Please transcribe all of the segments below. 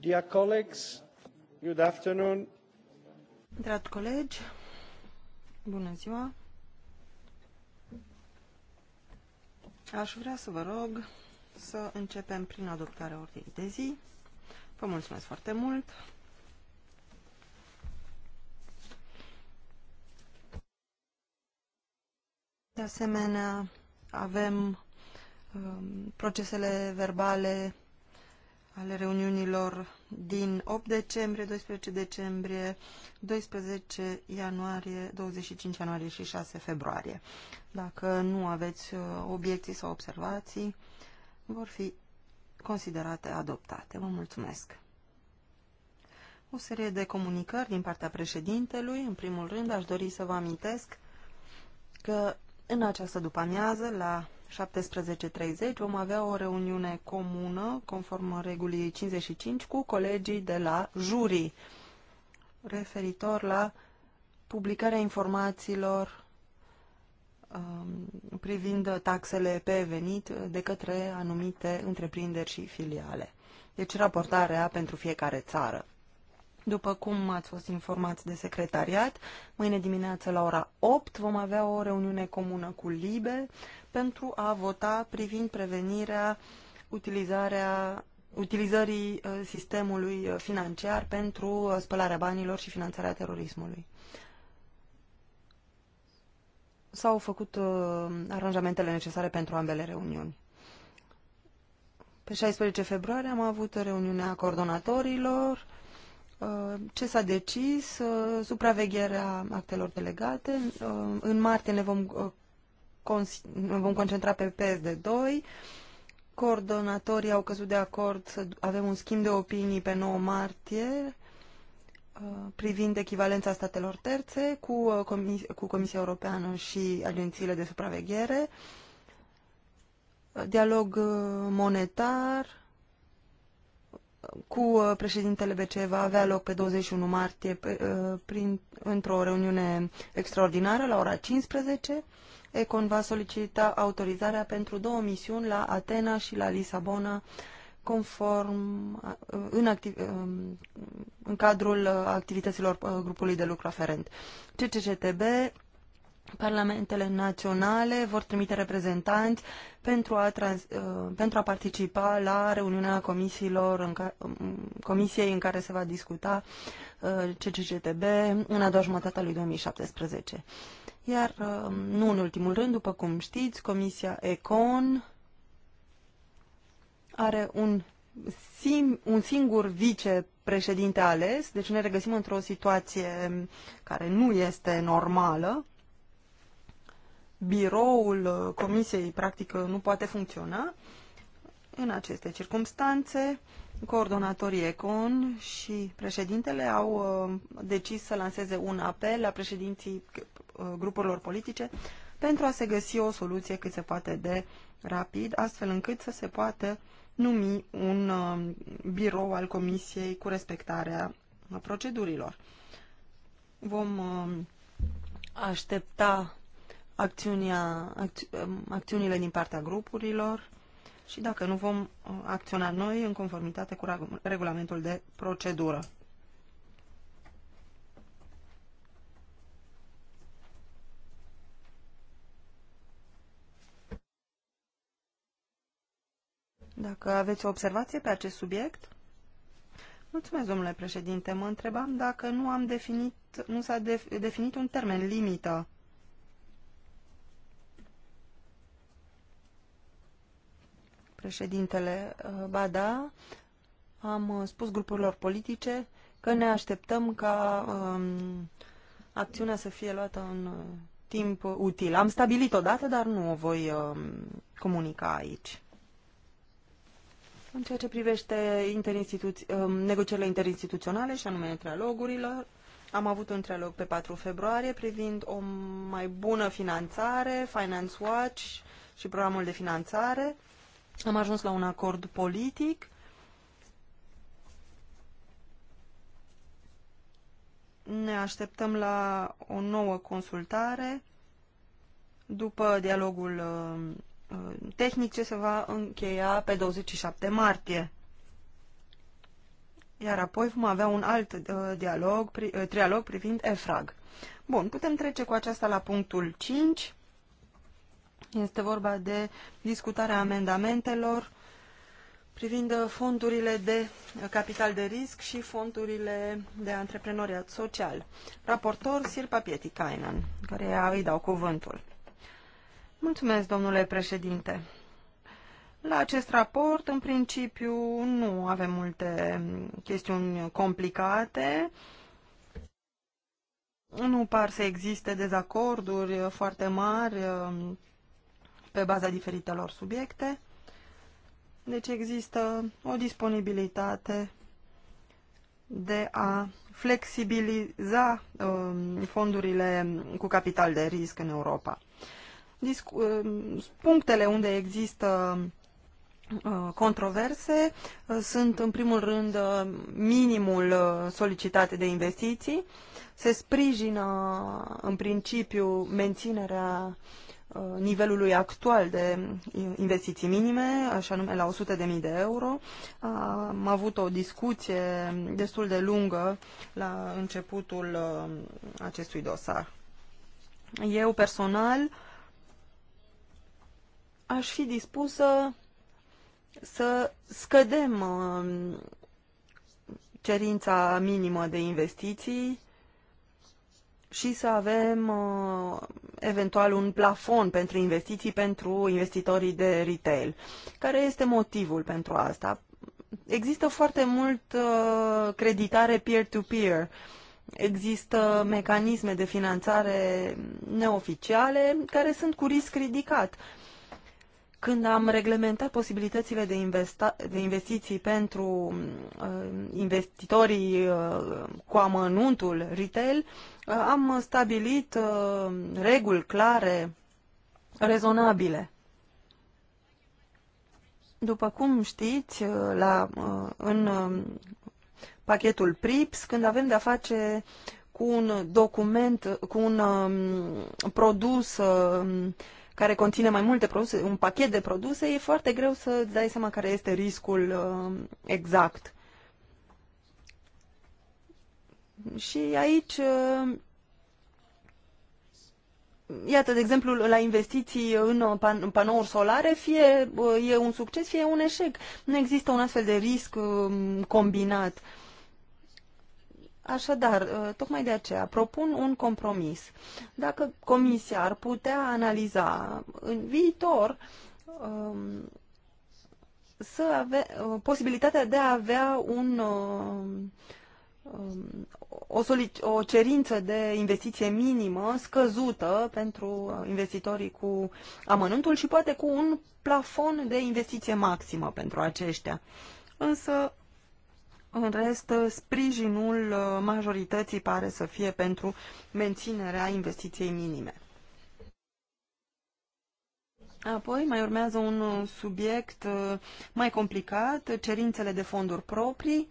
Dragi colegi, bună ziua. Aș vrea să vă rog să începem prin adoptarea ordinii de zi. Vă mulțumesc foarte mult. De asemenea, avem um, procesele verbale ale reuniunilor din 8 decembrie, 12 decembrie, 12 ianuarie, 25 ianuarie și 6 februarie. Dacă nu aveți uh, obiecții sau observații, vor fi considerate adoptate. Vă mulțumesc! O serie de comunicări din partea președintelui. În primul rând, aș dori să vă amintesc că în această după-amiază, la 17.30 vom avea o reuniune comună, conform regulii 55, cu colegii de la jurii, referitor la publicarea informațiilor um, privind taxele pe venit de către anumite întreprinderi și filiale. Deci raportarea pentru fiecare țară. După cum ați fost informați de secretariat, mâine dimineață la ora 8 vom avea o reuniune comună cu LIBE pentru a vota privind prevenirea utilizarea utilizării uh, sistemului uh, financiar pentru uh, spălarea banilor și finanțarea terorismului. S-au făcut aranjamentele necesare pentru ambele reuniuni. Pe 16 februarie am avut reuniunea coordonatorilor, Uh, ce s-a decis, uh, supravegherea actelor delegate. Uh, în martie ne vom, ne vom concentra pe PSD2. Coordonatorii au căzut de acord să avem un schimb de opinii pe 9 martie privind echivalența statelor terțe cu, Comis cu Comisia Europeană și agențiile de supraveghere, dialog monetar, cu uh, președintele BCE va avea loc pe 21 martie uh, într-o reuniune extraordinară la ora 15. Econ va solicita autorizarea pentru două misiuni la Atena și la Lisabona conform uh, în, activ, um, în cadrul activităților grupului de lucru aferent. CCCTB Parlamentele naționale vor trimite reprezentanți pentru a, trans, uh, pentru a participa la reuniunea comisiilor în ca, um, comisiei în care se va discuta uh, CCCTB în a doua jumătate a lui 2017. Iar, um, nu în ultimul rând, după cum știți, Comisia ECON are un, sim, un singur vicepreședinte ales, deci ne regăsim într-o situație care nu este normală, biroul uh, comisiei practic uh, nu poate funcționa, în aceste circunstanțe, coordonatorii ECON și președintele au uh, decis să lanseze un apel la președinții grupurilor politice pentru a se găsi o soluție cât se poate de rapid, astfel încât să se poată numi un birou al Comisiei cu respectarea procedurilor. Vom aștepta acțiunea, acți, um, acțiunile din partea grupurilor și dacă nu vom uh, acționa noi în conformitate cu regulamentul de procedură. Dacă aveți o observație pe acest subiect? Mulțumesc, domnule președinte. Mă întrebam dacă nu am definit, nu s-a definit un termen limită președintele uh, Bada, am uh, spus grupurilor politice că ne așteptăm ca um, acțiunea să fie luată în uh, timp util. Am stabilit o dată, dar nu o voi um, comunica aici. În ceea ce privește um, negocierile interinstituționale și anume trialogurilor, am avut un trialog pe 4 februarie privind o mai bună finanțare, Finance Watch și programul de finanțare. Am ajuns la un acord politic. Ne așteptăm la o nouă consultare după dialogul uh, uh, tehnic ce se va încheia pe 27 martie. Iar apoi vom avea un alt uh, dialog, trialog privind EFRAG. Bun, putem trece cu aceasta la punctul 5 este vorba de discutarea amendamentelor privind fondurile de capital de risc și fondurile de antreprenoriat social. Raportor Sirpa Pietikainen, care îi dau cuvântul. Mulțumesc, domnule președinte. La acest raport, în principiu, nu avem multe chestiuni complicate. Nu par să existe dezacorduri foarte mari pe baza diferitelor subiecte. Deci există o disponibilitate de a flexibiliza um, fondurile cu capital de risc în Europa. Discu um, punctele unde există uh, controverse uh, sunt în primul rând uh, minimul solicitat de investiții. Se sprijină în principiu menținerea Uh, nivelului actual de investiții minime, așa nume la 100.000 de euro. Am avut o discuție destul de lungă la începutul uh, acestui dosar. Eu personal aș fi dispusă să scădem uh, cerința minimă de investiții și să avem uh, eventual un plafon pentru investiții pentru investitorii de retail. Care este motivul pentru asta? Există foarte mult uh, creditare peer-to-peer. Există mecanisme de finanțare neoficiale care sunt cu risc ridicat. Uh, când am reglementat posibilitățile de, de investiții pentru uh, investitorii uh, cu amănuntul retail, uh, am stabilit uh, reguli clare, rezonabile. După cum știți, uh, la, uh, în uh, pachetul PRIPS, când avem de-a face cu un document, cu un uh, produs Uh, care conține mai multe produse, un pachet de produse, e foarte greu să îți dai seama care este riscul uh, exact. Și aici, uh, iată, de exemplu, la investiții în, pan, panouri solare, fie uh, e un succes, fie e un eșec. Nu există un astfel de risc uh, combinat. Uh, Așadar, uh, tocmai de aceea propun un compromis. Dacă Comisia ar putea analiza în viitor um, să ave, uh, posibilitatea de a avea un, uh, um, o, solic, o cerință de investiție minimă scăzută pentru investitorii cu amănuntul și poate cu un plafon de investiție maximă pentru aceștia. Însă în rest, sprijinul uh, majorității pare să fie pentru menținerea investiției minime. Apoi mai urmează un uh, subiect uh, mai complicat, cerințele de fonduri proprii.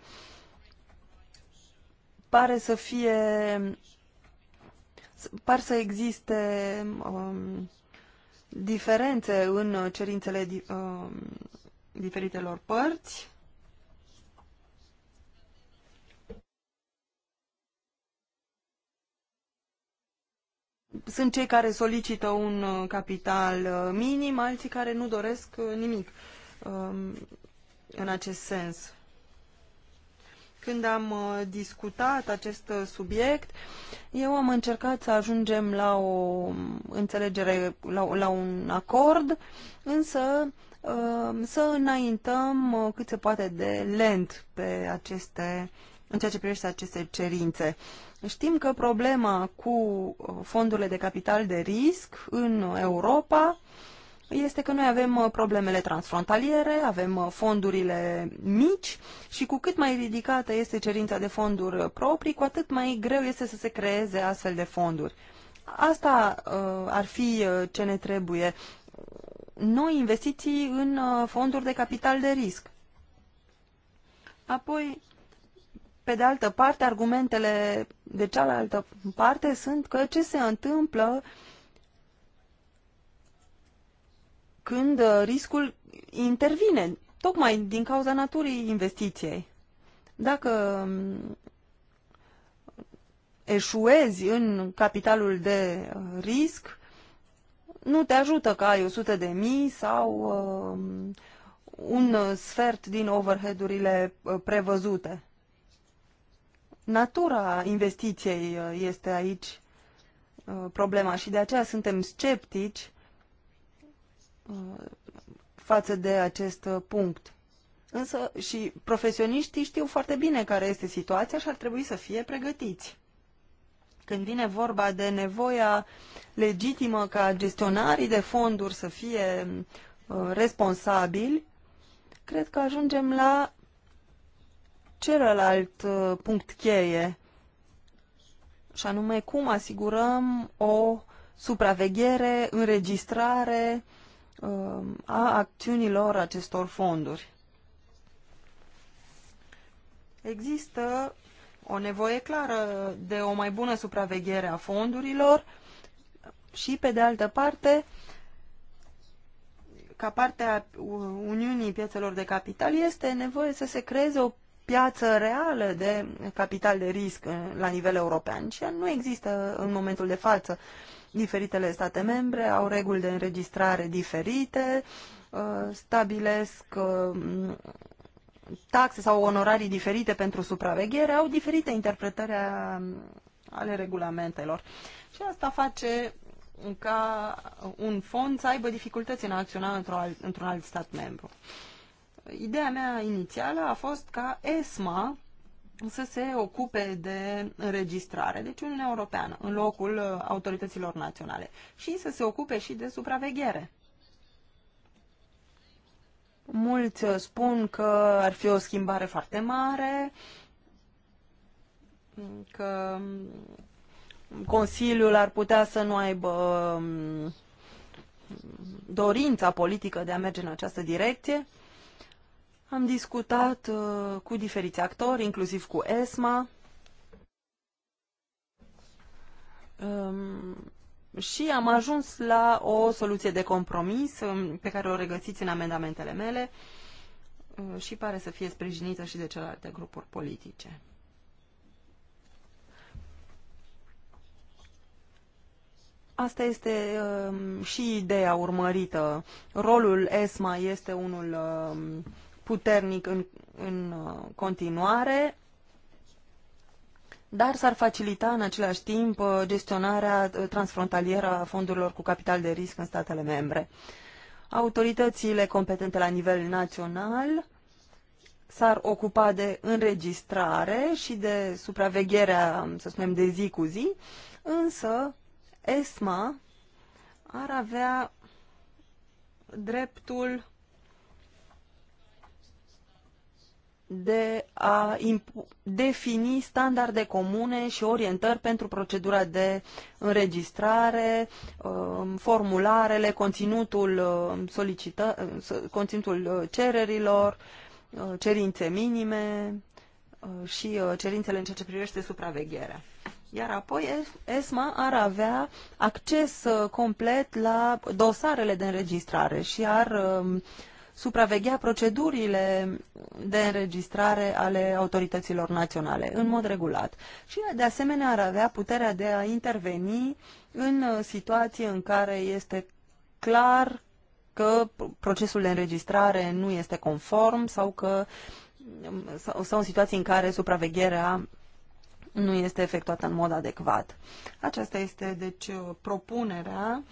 Pare să fie par să existe um, diferențe în cerințele um, diferitelor părți. sunt cei care solicită un uh, capital uh, minim, alții care nu doresc uh, nimic um, în acest sens. Când am discutat acest subiect, eu am încercat să ajungem la o înțelegere, la, la un acord, însă um, să înaintăm cât se poate de lent pe aceste, în ceea ce privește aceste cerințe. Știm că problema cu uh, fondurile de capital de risc în Europa este că noi avem uh, problemele transfrontaliere, avem uh, fondurile mici și cu cât mai ridicată este cerința de fonduri proprii, cu atât mai greu este să se creeze astfel de fonduri. Asta uh, ar fi ce ne trebuie. Noi investiții în fonduri de capital de risc. Apoi, pe de altă parte, argumentele de cealaltă parte sunt că ce se întâmplă când uh, riscul intervine, tocmai din cauza naturii investiției. Dacă um, eșuezi în capitalul de uh, risc, nu te ajută că ai 100 de mii sau um, uh, un sfert din overhead-urile uh, prevăzute natura investiției uh, este aici uh, problema și de aceea suntem sceptici uh, față de acest punct. Însă și profesioniștii știu foarte bine care este situația și ar trebui să fie pregătiți. Când vine vorba de nevoia legitimă ca gestionarii de fonduri să fie responsabili, cred că ajungem la celălalt uh, punct cheie, și anume cum asigurăm o supraveghere, înregistrare uh, a acțiunilor acestor fonduri. Există o nevoie clară de o mai bună supraveghere a fondurilor și, pe de altă parte, ca parte a Uniunii Piețelor de Capital, este nevoie să se creeze o piață reală de capital de risc eh, la nivel european și nu există în momentul de față. Diferitele state membre au reguli de înregistrare diferite, eh, stabilesc eh, taxe sau onorarii diferite pentru supraveghere, au diferite interpretări ale regulamentelor. Și asta face ca un fond să aibă dificultăți în a acționa într-un alt, într alt stat membru. Ideea mea inițială a fost ca ESMA să se ocupe de înregistrare, deci Uniunea Europeană, în locul uh, autorităților naționale, și să se ocupe și de supraveghere. Mulți uh, spun că ar fi o schimbare foarte mare, că um, Consiliul ar putea să nu aibă um, dorința politică de a merge în această direcție. Am discutat uh, cu diferiți actori, inclusiv cu ESMA. Um, și am ajuns la o soluție de compromis um, pe care o regăsiți în amendamentele mele uh, și pare să fie sprijinită și de celelalte grupuri politice. Asta este um, și ideea urmărită. Rolul ESMA este unul um, puternic în, în uh, continuare, dar s-ar facilita în același timp uh, gestionarea uh, transfrontalieră a fondurilor cu capital de risc în statele membre. Autoritățile competente la nivel național s-ar ocupa de înregistrare și de supravegherea, um, să spunem, de zi cu zi, însă ESMA ar avea dreptul de a defini standarde comune și orientări pentru procedura de înregistrare, um, formularele, conținutul, um, solicită, conținutul uh, cererilor, uh, cerințe minime uh, și cerințele în ceea ce privește supravegherea. Iar apoi ESMA ar avea acces complet la dosarele de înregistrare și ar uh, supraveghea procedurile de înregistrare ale autorităților naționale în mod regulat și, de asemenea, ar avea puterea de a interveni în situații în care este clar că procesul de înregistrare nu este conform sau că sau, sau în situații în care supravegherea nu este efectuată în mod adecvat. Aceasta este, deci, propunerea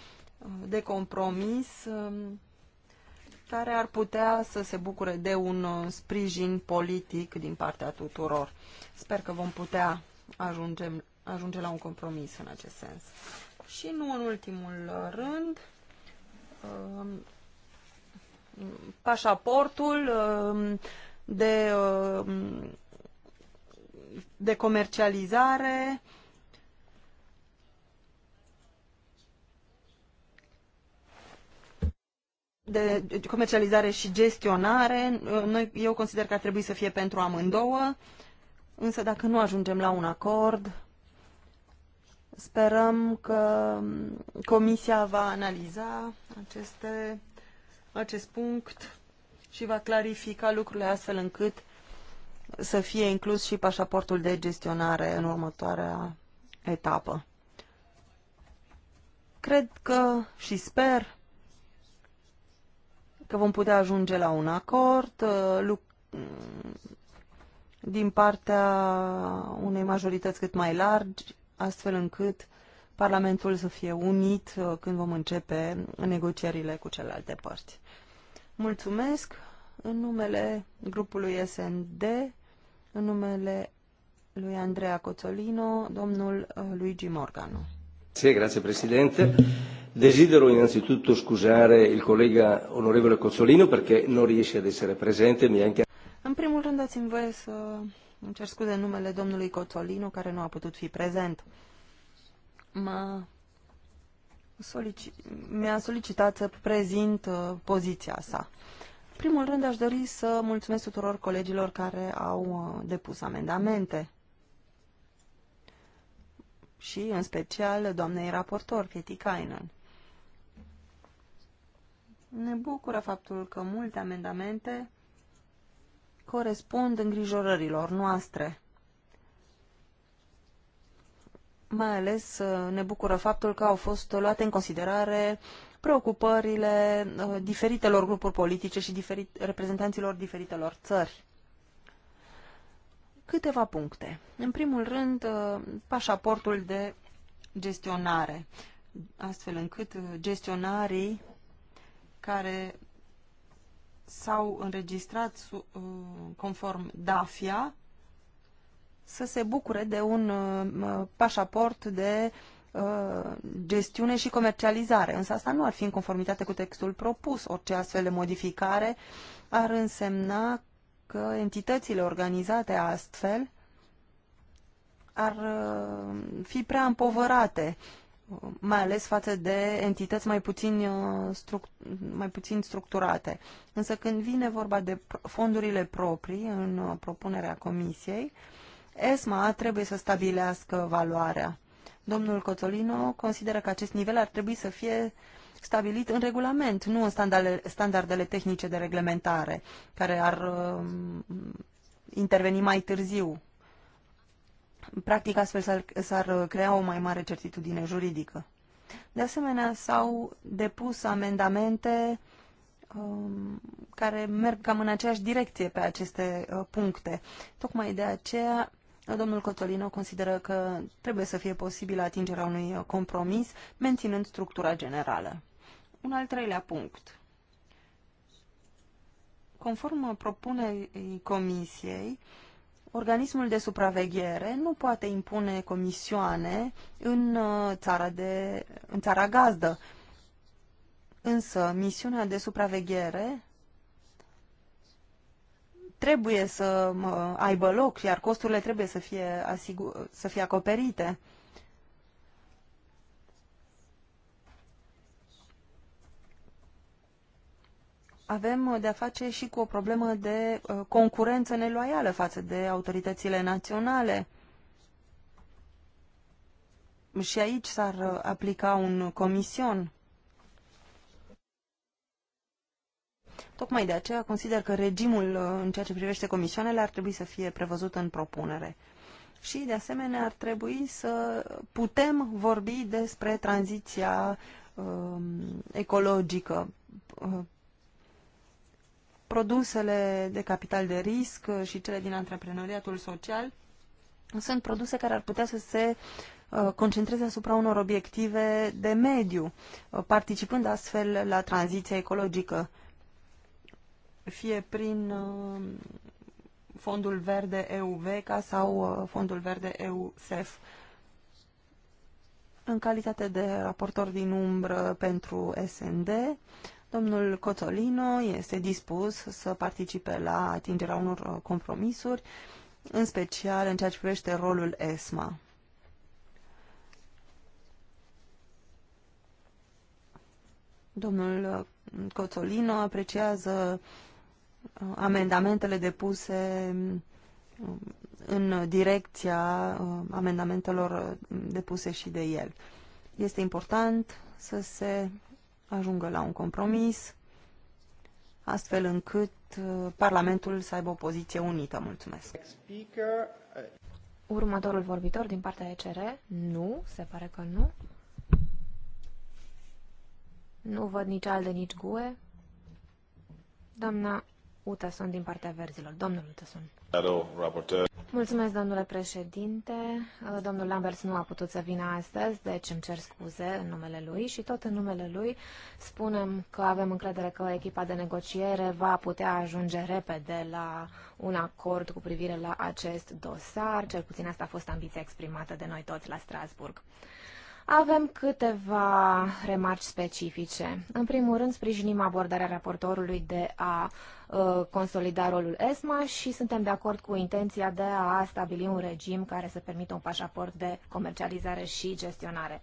de compromis um, care ar putea să se bucure de un uh, sprijin politic din partea tuturor. Sper că vom putea ajunge, ajunge la un compromis în acest sens. Și nu în ultimul rând, um, pașaportul um, de, um, de comercializare, de comercializare și gestionare. Noi, eu consider că ar trebui să fie pentru amândouă, însă dacă nu ajungem la un acord, sperăm că Comisia va analiza aceste, acest punct și va clarifica lucrurile astfel încât să fie inclus și pașaportul de gestionare în următoarea etapă. Cred că și sper că vom putea ajunge la un acord uh, din partea unei majorități cât mai largi, astfel încât Parlamentul să fie unit uh, când vom începe negocierile cu celelalte părți. Mulțumesc în numele grupului SND, în numele lui Andrea Cozzolino, domnul uh, Luigi Morgano. Sì, grazie Presidente. Desidero innanzitutto scusare il collega onorevole Cozzolino perché non riesce ad essere presente. Mi anche... In primul rând dați-mi voie să îmi cer scuze în numele domnului Cozzolino care nu a putut fi prezent. m solici... mi-a solicitat să prezint uh, poziția sa. În primul rând aș dori să mulțumesc tuturor colegilor care au uh, depus amendamente și în special doamnei raportor, Pieti Kainan. Ne bucură faptul că multe amendamente corespund îngrijorărilor noastre. Mai ales uh, ne bucură faptul că au fost luate în considerare preocupările uh, diferitelor grupuri politice și diferit, reprezentanților diferitelor țări. Câteva puncte. În primul rând, uh, pașaportul de gestionare, astfel încât gestionarii care s-au înregistrat uh, conform DAFIA să se bucure de un uh, pașaport de uh, gestiune și comercializare. Însă asta nu ar fi în conformitate cu textul propus. Orice astfel de modificare ar însemna că entitățile organizate astfel ar fi prea împovărate mai ales față de entități mai puțin, uh, mai puțin structurate. Însă când vine vorba de fondurile proprii în uh, propunerea comisiei, ESMA trebuie să stabilească valoarea. Domnul Coțolino consideră că acest nivel ar trebui să fie stabilit în regulament, nu în standardele, standardele tehnice de reglementare, care ar uh, interveni mai târziu Practic, astfel s-ar crea o mai mare certitudine juridică. De asemenea, s-au depus amendamente um, care merg cam în aceeași direcție pe aceste uh, puncte. Tocmai de aceea, domnul Cotolino consideră că trebuie să fie posibilă atingerea unui compromis, menținând structura generală. Un al treilea punct. Conform propunerii Comisiei, uh, organismul de supraveghere nu poate impune comisioane în uh, țara, de, în țara gazdă. Însă, misiunea de supraveghere trebuie să uh, aibă loc, iar costurile trebuie să fie, asigur, să fie acoperite. avem de-a face și cu o problemă de uh, concurență neloială față de autoritățile naționale. Și aici s-ar uh, aplica un comision. Tocmai de aceea consider că regimul uh, în ceea ce privește comisioanele ar trebui să fie prevăzut în propunere. Și, de asemenea, ar trebui să putem vorbi despre tranziția um, ecologică produsele de capital de risc și cele din antreprenoriatul social sunt produse care ar putea să se uh, concentreze asupra unor obiective de mediu, uh, participând astfel la tranziția ecologică, fie prin uh, fondul verde EUVECA sau fondul verde EUSEF. În calitate de raportor din umbră pentru SND, Domnul Cotolino este dispus să participe la atingerea unor uh, compromisuri, în special în ceea ce privește rolul ESMA. Domnul uh, Cotolino apreciază uh, amendamentele depuse um, în direcția amendamentelor depuse și de el. Este important să se ajungă la un compromis, astfel încât uh, Parlamentul să aibă o poziție unită. Mulțumesc. Următorul vorbitor din partea ECR? Nu, se pare că nu. Nu văd nici alde, nici GUE. Doamna Utason din partea verzilor. Domnul Utason. Mulțumesc, domnule președinte. Uh, domnul Lambert nu a putut să vină astăzi, deci îmi cer scuze în numele lui și tot în numele lui spunem că avem încredere că echipa de negociere va putea ajunge repede la un acord cu privire la acest dosar. Cel puțin asta a fost ambiția exprimată de noi toți la Strasburg. Avem câteva remarci specifice. În primul rând, sprijinim abordarea raportorului de a ă, consolida rolul ESMA și suntem de acord cu intenția de a stabili un regim care să permită un pașaport de comercializare și gestionare.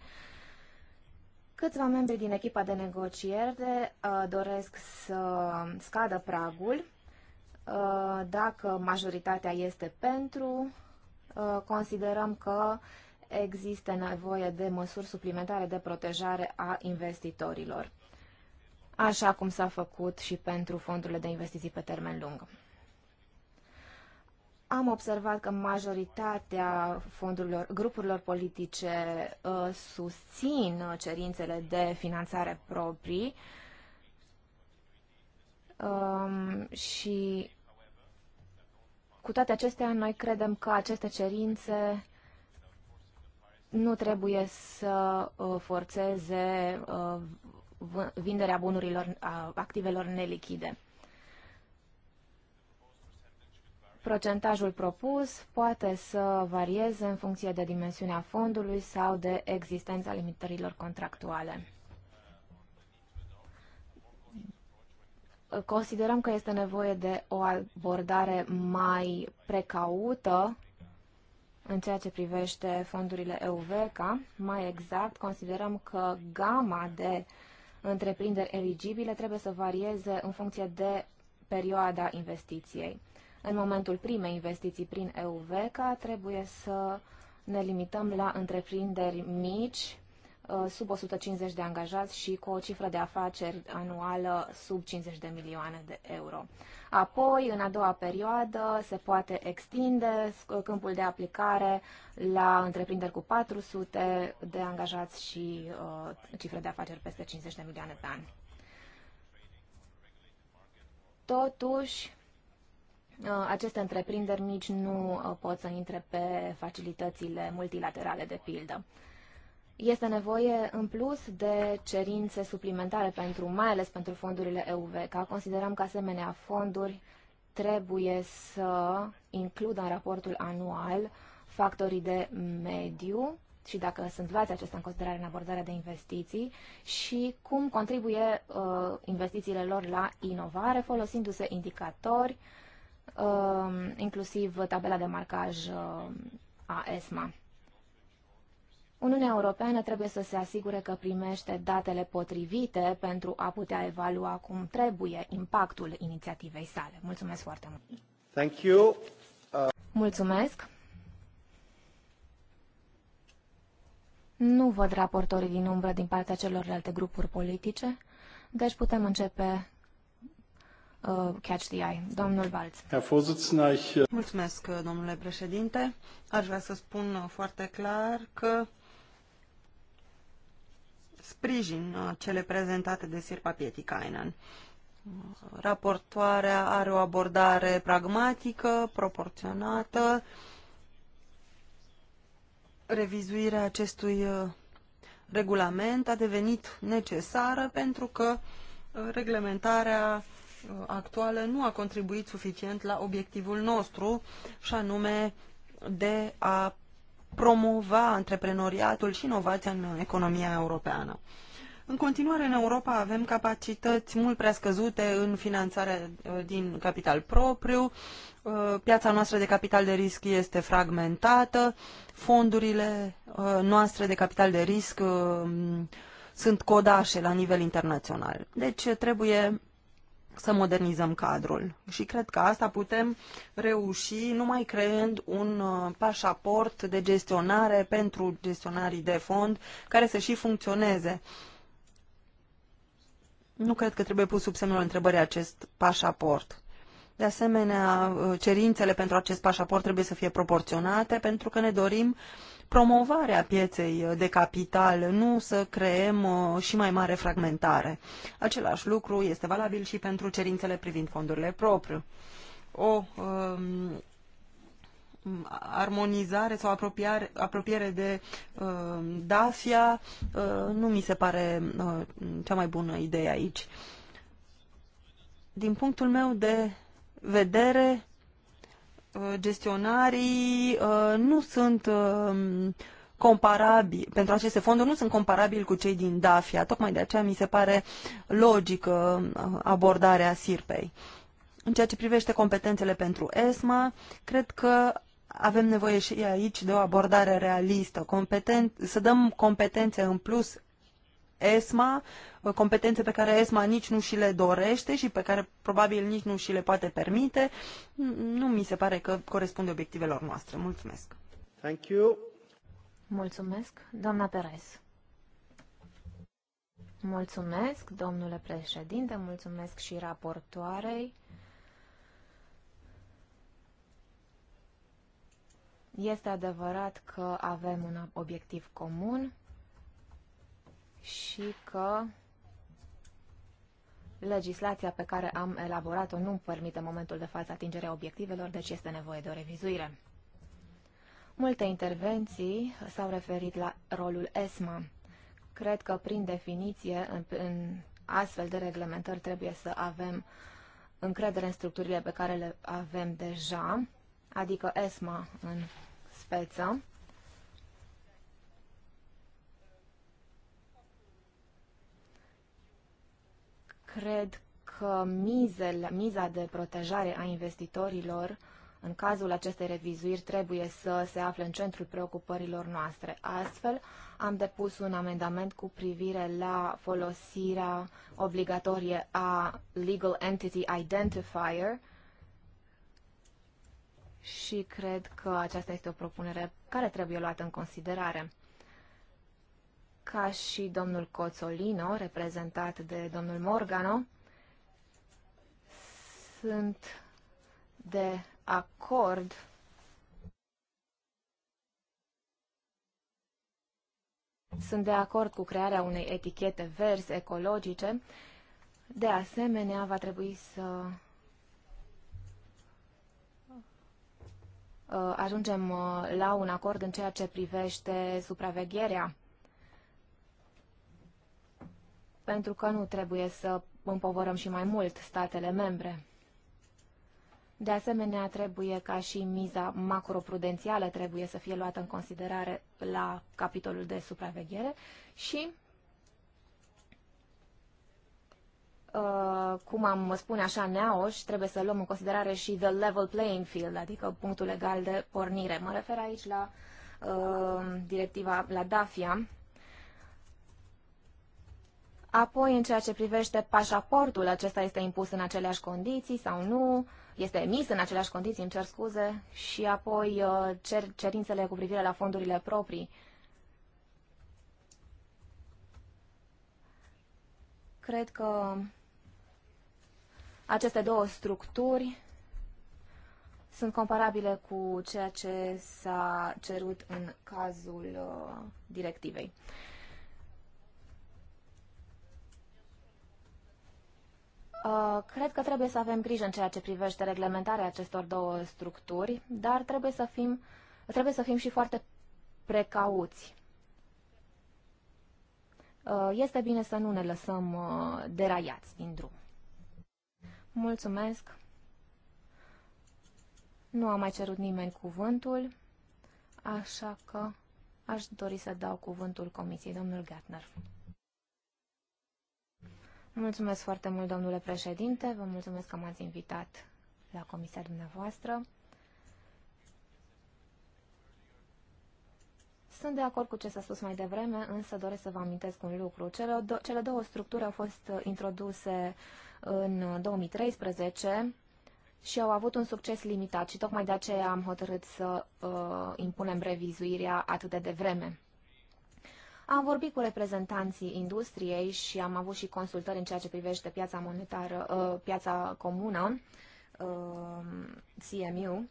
Câțiva membri din echipa de negociere ă, doresc să scadă pragul. Ă, dacă majoritatea este pentru, considerăm că uh, există nevoie de măsuri suplimentare de protejare a investitorilor, așa cum s-a făcut și pentru fondurile de investiții pe termen lung. Am observat că majoritatea fondurilor, grupurilor politice uh, susțin cerințele de finanțare proprii um, și cu toate acestea, noi credem că aceste cerințe nu trebuie să uh, forțeze uh, vinderea bunurilor, activelor nelichide. Procentajul propus poate să varieze în funcție de dimensiunea fondului sau de existența limitărilor contractuale. Considerăm că este nevoie de o abordare mai precaută în ceea ce privește fondurile EUVECA, mai exact, considerăm că gama de întreprinderi eligibile trebuie să varieze în funcție de perioada investiției. În momentul primei investiții prin EUVECA trebuie să ne limităm la întreprinderi mici Uh, sub 150 de angajați și cu o cifră de afaceri anuală sub 50 de milioane de euro. Apoi, în a doua perioadă, se poate extinde uh, câmpul de aplicare la întreprinderi cu 400 de angajați și uh, cifre de afaceri peste 50 de milioane pe an. Totuși, uh, aceste întreprinderi mici nu pot să intre pe facilitățile multilaterale, de pildă. Este nevoie în plus de cerințe suplimentare pentru, mai ales pentru fondurile EUVECA. Considerăm că asemenea fonduri trebuie să includă în raportul anual factorii de mediu și dacă sunt luați acestea în considerare în abordarea de investiții și cum contribuie uh, investițiile lor la inovare folosindu-se indicatori, uh, inclusiv tabela de marcaj uh, a ESMA. Uniunea Europeană trebuie să se asigure că primește datele potrivite pentru a putea evalua cum trebuie impactul inițiativei sale. Mulțumesc foarte mult! Thank you. Uh... Mulțumesc! Nu văd raportorii din umbră din partea celorlalte grupuri politice, deci putem începe uh, Catch the Eye. Domnul Balț. Uh, Mulțumesc, domnule președinte. Aș vrea să spun foarte clar că sprijin uh, cele prezentate de Sirpa Pietikainen. Raportoarea are o abordare pragmatică, proporționată. Revizuirea acestui uh, regulament a devenit necesară pentru că uh, reglementarea actuală nu a contribuit suficient la obiectivul nostru și anume de a promova antreprenoriatul și inovația în economia europeană. În continuare, în Europa avem capacități mult prea scăzute în finanțarea uh, din capital propriu, uh, piața noastră de capital de risc este fragmentată, fondurile uh, noastre de capital de risc sunt codașe la nivel internațional. Deci trebuie să modernizăm cadrul. Și cred că asta putem reuși numai creând un uh, pașaport de gestionare pentru gestionarii de fond care să și funcționeze. Nu cred că trebuie pus sub semnul întrebării acest pașaport. De asemenea, uh, cerințele pentru acest pașaport trebuie să fie proporționate pentru că ne dorim uh, promovarea pieței de capital, nu să creăm uh, și mai mare fragmentare. Același lucru este valabil și pentru cerințele privind fondurile propriu. O um, armonizare sau apropiare, apropiere de uh, um, DAFIA uh, nu mi se pare uh, cea mai bună idee aici. Din punctul meu de vedere, Uh, gestionarii uh, nu sunt uh, comparabili, pentru aceste fonduri nu sunt comparabili cu cei din DAFIA. Tocmai de aceea mi se pare logică abordarea SIRPEI. În ceea ce privește competențele pentru ESMA, cred că avem nevoie și aici de o abordare realistă, competent, să dăm competențe în plus ESMA, competențe pe care ESMA nici nu și le dorește și pe care probabil nici nu și le poate permite, nu mi se pare că corespunde obiectivelor noastre. Mulțumesc! Thank you. Mulțumesc, doamna Perez. Mulțumesc, domnule președinte, mulțumesc și raportoarei. Este adevărat că avem un obiectiv comun și că legislația pe care am elaborat-o nu permite în momentul de față atingerea obiectivelor, deci este nevoie de o revizuire. Multe intervenții s-au referit la rolul ESMA. Cred că, prin definiție, în, în astfel de reglementări trebuie să avem încredere în structurile pe care le avem deja, adică ESMA în speță, cred că mizele, miza de protejare a investitorilor în cazul acestei revizuiri trebuie să se afle în centrul preocupărilor noastre. Astfel, am depus un amendament cu privire la folosirea obligatorie a Legal Entity Identifier și cred că aceasta este o propunere care trebuie luată în considerare ca și domnul Coțolino, reprezentat de domnul Morgano, sunt de acord Sunt de acord cu crearea unei etichete verzi ecologice. De asemenea, va trebui să uh, ajungem uh, la un acord în ceea ce privește supravegherea pentru că nu trebuie să împovărăm și mai mult statele membre. De asemenea, trebuie ca și miza macroprudențială trebuie să fie luată în considerare la capitolul de supraveghere și, uh, cum am spune așa neaoș, trebuie să luăm în considerare și the level playing field, adică punctul legal de pornire. Mă refer aici la uh, directiva, la DAFIA, Apoi, în ceea ce privește pașaportul, acesta este impus în aceleași condiții sau nu, este emis în aceleași condiții, îmi cer scuze, și apoi uh, cer, cerințele cu privire la fondurile proprii. Cred că aceste două structuri sunt comparabile cu ceea ce s-a cerut în cazul uh, directivei. Uh, cred că trebuie să avem grijă în ceea ce privește reglementarea acestor două structuri, dar trebuie să fim, trebuie să fim și foarte precauți. Uh, este bine să nu ne lăsăm uh, deraiați din drum. Mulțumesc! Nu a mai cerut nimeni cuvântul, așa că aș dori să dau cuvântul Comisiei, domnul Gatner. Mulțumesc foarte mult, domnule președinte, vă mulțumesc că m-ați invitat la comisia dumneavoastră. Sunt de acord cu ce s-a spus mai devreme, însă doresc să vă amintesc un lucru. Cele, do- cele două structuri au fost introduse în 2013 și au avut un succes limitat și tocmai de aceea am hotărât să uh, impunem revizuirea atât de devreme. Am vorbit cu reprezentanții industriei și am avut și consultări în ceea ce privește piața monetară, uh, piața comună, uh, CMU.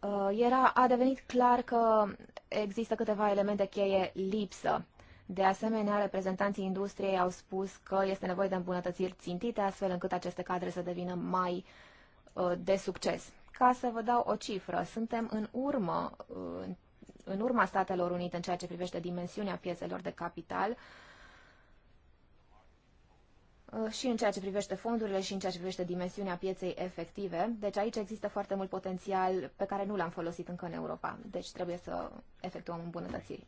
Uh, era, a devenit clar că există câteva elemente cheie lipsă. De asemenea, reprezentanții industriei au spus că este nevoie de îmbunătățiri țintite, astfel încât aceste cadre să devină mai de succes. Ca să vă dau o cifră, suntem în urmă în în urma Statelor Unite în ceea ce privește dimensiunea piețelor de capital uh, și în ceea ce privește fondurile și în ceea ce privește dimensiunea pieței efective. Deci aici există foarte mult potențial pe care nu l-am folosit încă în Europa. Deci trebuie să efectuăm îmbunătățiri.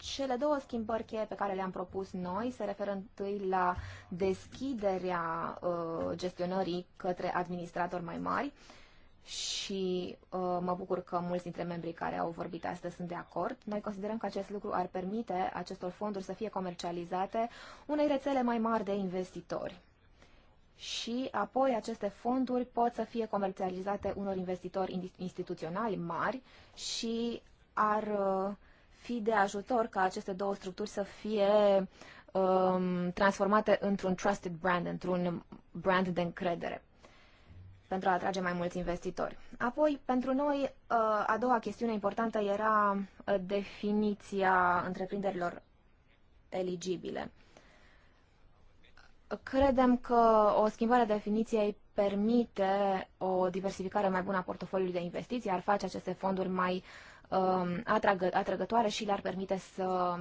Cele două schimbări cheie pe care le-am propus noi se referă întâi la deschiderea uh, gestionării către administratori mai mari. Uh, și uh, mă bucur că mulți dintre membrii care au vorbit astăzi sunt de acord. Noi considerăm că acest lucru ar permite acestor fonduri să fie comercializate unei rețele mai mari de investitori. Și apoi aceste fonduri pot să fie comercializate unor investitori instituționali mari și ar uh, fi de ajutor ca aceste două structuri să fie um, transformate într-un trusted brand, într-un brand de încredere pentru a atrage mai mulți investitori. Apoi, pentru noi, uh, a doua chestiune importantă era uh, definiția întreprinderilor eligibile. Credem că o schimbare a definiției permite o diversificare mai bună a portofoliului de investiții, ar face aceste fonduri mai um, atrăgătoare și le-ar permite să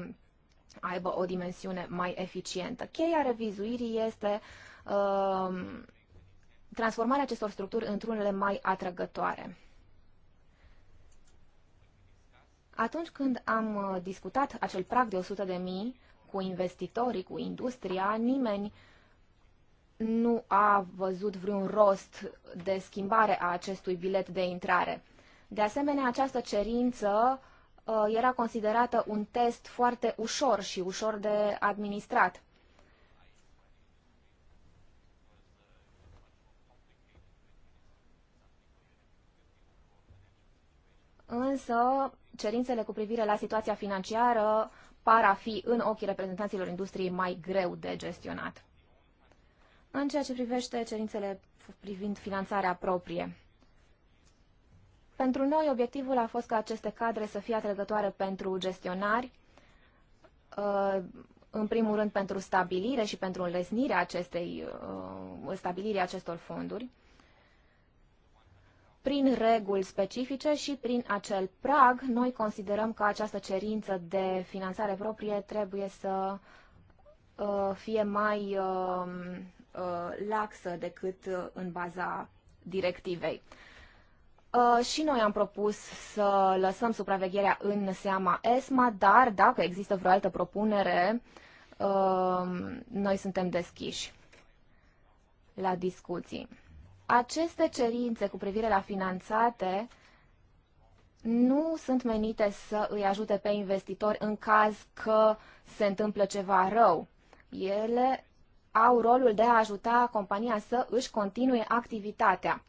aibă o dimensiune mai eficientă. Cheia revizuirii este um, transformarea acestor structuri într-unele mai atrăgătoare. Atunci când am uh, discutat acel prag de 100 de mii cu investitorii, cu industria, nimeni nu a văzut vreun rost de schimbare a acestui bilet de intrare. De asemenea, această cerință uh, era considerată un test foarte ușor și ușor de administrat. însă cerințele cu privire la situația financiară par a fi în ochii reprezentanților industriei mai greu de gestionat. În ceea ce privește cerințele privind finanțarea proprie. Pentru noi, obiectivul a fost ca aceste cadre să fie atrăgătoare pentru gestionari, uh, în primul rând pentru stabilire și pentru înlesnirea acestei, uh, stabilirea acestor fonduri, prin reguli specifice și prin acel prag, noi considerăm că această cerință de finanțare proprie trebuie să uh, fie mai um, uh, laxă decât uh, în baza directivei. Și noi am propus să lăsăm supravegherea în seama ESMA, dar dacă există vreo altă propunere, noi suntem deschiși la discuții. Aceste cerințe cu privire la finanțate nu sunt menite să îi ajute pe investitori în caz că se întâmplă ceva rău. Ele au rolul de a ajuta compania să își continue activitatea.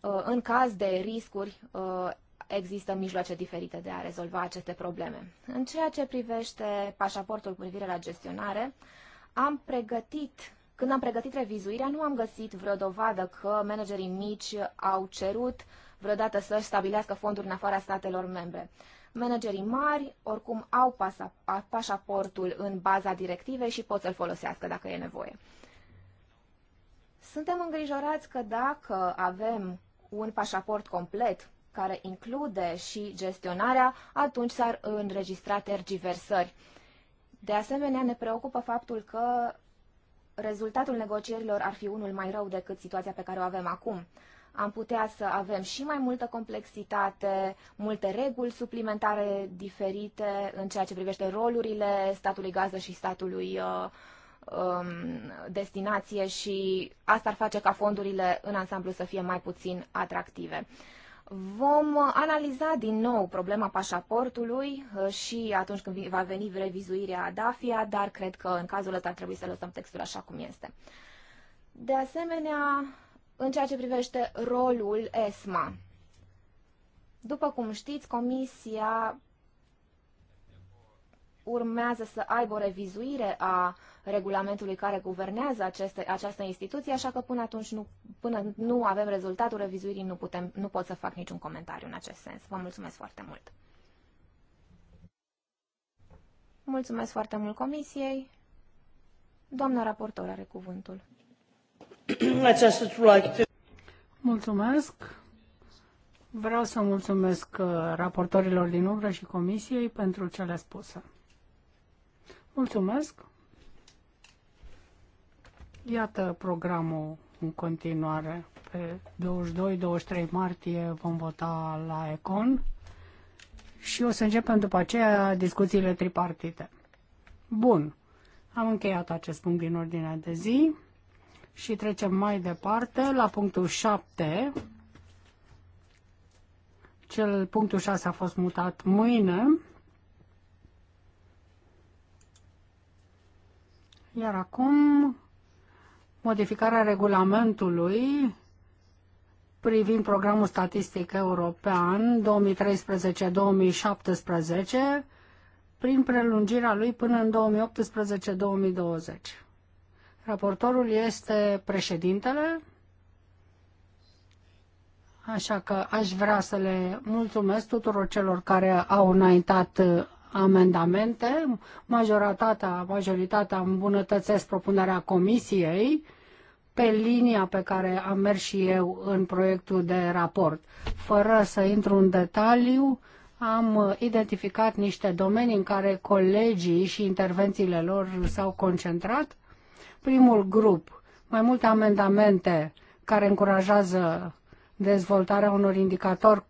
Uh, în caz de riscuri, uh, există mijloace diferite de a rezolva aceste probleme. În ceea ce privește pașaportul cu privire la gestionare, am pregătit când am pregătit revizuirea, nu am găsit vreo dovadă că managerii mici au cerut vreodată să-și stabilească fonduri în afara statelor membre. Managerii mari, oricum, au pașaportul în baza directivei și pot să-l folosească dacă e nevoie. Suntem îngrijorați că dacă avem un pașaport complet, care include și gestionarea, atunci s-ar înregistra tergiversări. De asemenea, ne preocupă faptul că rezultatul negocierilor ar fi unul mai rău decât situația pe care o avem acum. Am putea să avem și mai multă complexitate, multe reguli suplimentare diferite în ceea ce privește rolurile statului gază și statului uh, um, destinație și asta ar face ca fondurile în ansamblu să fie mai puțin atractive. Vom analiza din nou problema pașaportului uh, și atunci când va veni revizuirea DAFIA, dar cred că în cazul ăsta ar trebui să lăsăm textul așa cum este. De asemenea, în ceea ce privește rolul ESMA, după cum știți, Comisia urmează să aibă o revizuire a regulamentului care guvernează aceste, această instituție, așa că până atunci, nu, până nu avem rezultatul revizuirii, nu, putem, nu pot să fac niciun comentariu în acest sens. Vă mulțumesc foarte mult! Mulțumesc foarte mult Comisiei. Doamna raportor are cuvântul. Mulțumesc. Vreau să mulțumesc uh, raportorilor din umbră și Comisiei pentru cele spuse. Mulțumesc! Iată programul în continuare. Pe 22-23 martie vom vota la Econ și o să începem după aceea discuțiile tripartite. Bun, am încheiat acest punct din ordinea de zi și trecem mai departe la punctul 7. Cel punctul 6 a fost mutat mâine Iar acum, modificarea regulamentului privind programul statistic european 2013-2017 prin prelungirea lui până în 2018-2020. Raportorul este președintele, așa că aș vrea să le mulțumesc tuturor celor care au înaintat amendamente, majoritatea, majoritatea îmbunătățesc propunerea comisiei pe linia pe care am mers și eu în proiectul de raport. Fără să intru în detaliu, am identificat niște domenii în care colegii și intervențiile lor s-au concentrat. Primul grup, mai multe amendamente care încurajează dezvoltarea unor indicatori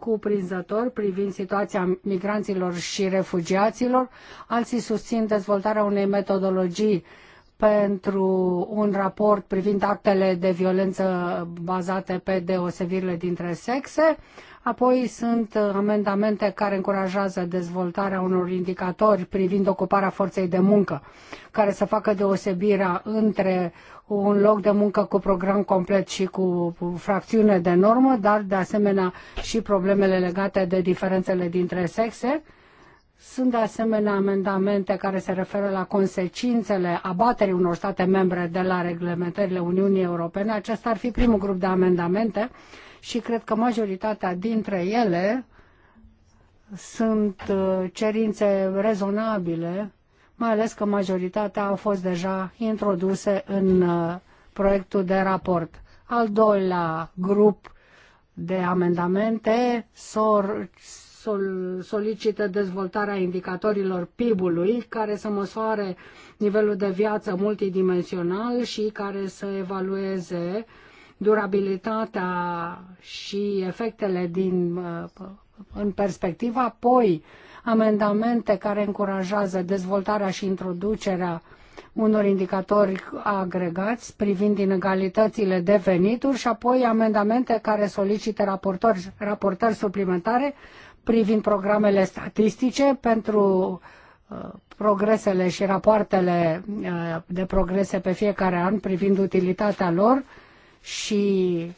cuprinzător privind situația migranților și refugiaților, alții susțin dezvoltarea unei metodologii pentru un raport privind actele de violență bazate pe deosebirile dintre sexe. Apoi sunt amendamente care încurajează dezvoltarea unor indicatori privind ocuparea forței de muncă, care să facă deosebirea între un loc de muncă cu program complet și cu fracțiune de normă, dar de asemenea și problemele legate de diferențele dintre sexe sunt de asemenea amendamente care se referă la consecințele abaterii unor state membre de la reglementările Uniunii Europene. Acesta ar fi primul grup de amendamente și cred că majoritatea dintre ele sunt uh, cerințe rezonabile, mai ales că majoritatea au fost deja introduse în uh, proiectul de raport. Al doilea grup de amendamente sor, sol, solicită dezvoltarea indicatorilor PIB-ului care să măsoare nivelul de viață multidimensional și care să evalueze durabilitatea și efectele din, uh, în perspectivă, apoi amendamente care încurajează dezvoltarea și introducerea unor indicatori agregați privind inegalitățile de venituri și apoi amendamente care solicită raportări, raportări suplimentare privind programele statistice pentru uh, progresele și rapoartele uh, de progrese pe fiecare an privind utilitatea lor și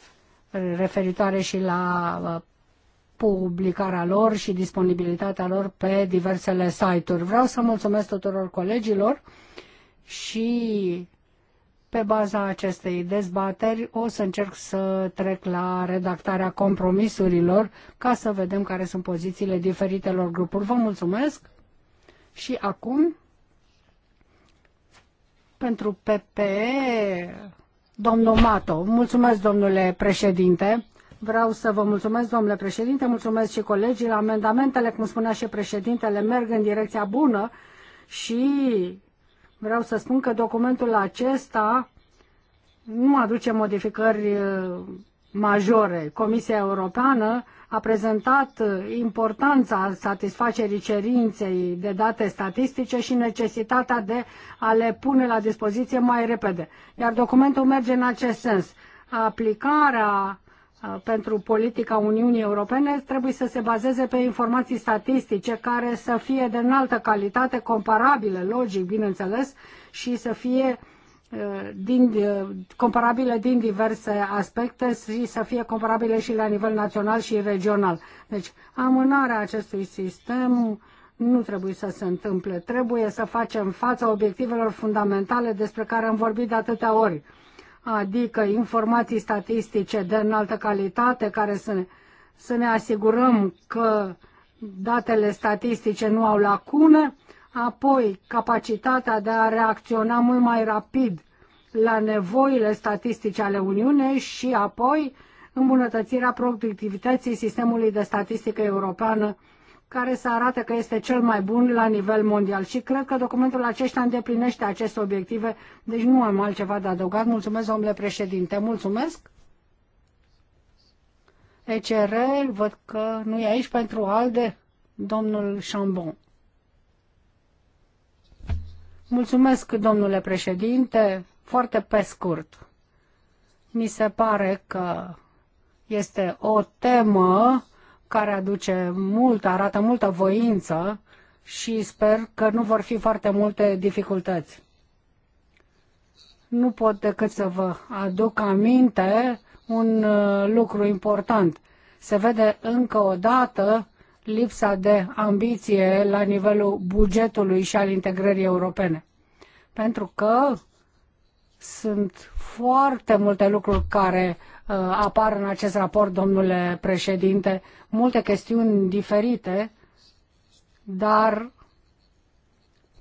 referitoare și la uh, publicarea lor și disponibilitatea lor pe diversele site-uri. Vreau să mulțumesc tuturor colegilor și pe baza acestei dezbateri o să încerc să trec la redactarea compromisurilor ca să vedem care sunt pozițiile diferitelor grupuri. Vă mulțumesc și acum pentru PPE, domnul Mato. Mulțumesc, domnule președinte. Vreau să vă mulțumesc, domnule președinte, mulțumesc și colegii. Amendamentele, cum spunea și președintele, merg în direcția bună și Vreau să spun că documentul acesta nu aduce modificări uh, majore. Comisia Europeană a prezentat uh, importanța satisfacerii cerinței de date statistice și necesitatea de a le pune la dispoziție mai repede. Iar documentul merge în acest sens. Aplicarea Uh, pentru politica Uniunii Europene trebuie să se bazeze pe informații statistice care să fie de înaltă calitate, comparabile, logic, bineînțeles, și să fie uh, din, uh, comparabile din diverse aspecte și să fie comparabile și la nivel național și regional. Deci, amânarea acestui sistem nu trebuie să se întâmple. Trebuie să facem față obiectivelor fundamentale despre care am vorbit de atâtea ori adică informații statistice de înaltă calitate care să ne, să ne asigurăm că datele statistice nu au lacune, apoi capacitatea de a reacționa mult mai rapid la nevoile statistice ale Uniunii și apoi îmbunătățirea productivității sistemului de statistică europeană care să arate că este cel mai bun la nivel mondial. Și cred că documentul acesta îndeplinește aceste obiective, deci nu am altceva de adăugat. Mulțumesc, domnule președinte. Mulțumesc. ECR, văd că nu e aici pentru ALDE, domnul Chambon. Mulțumesc, domnule președinte. Foarte pe scurt. Mi se pare că este o temă care aduce mult, arată multă voință și sper că nu vor fi foarte multe dificultăți. Nu pot decât să vă aduc aminte un uh, lucru important. Se vede încă o dată lipsa de ambiție la nivelul bugetului și al integrării europene. Pentru că sunt foarte multe lucruri care Uh, apar în acest raport, domnule președinte, multe chestiuni diferite, dar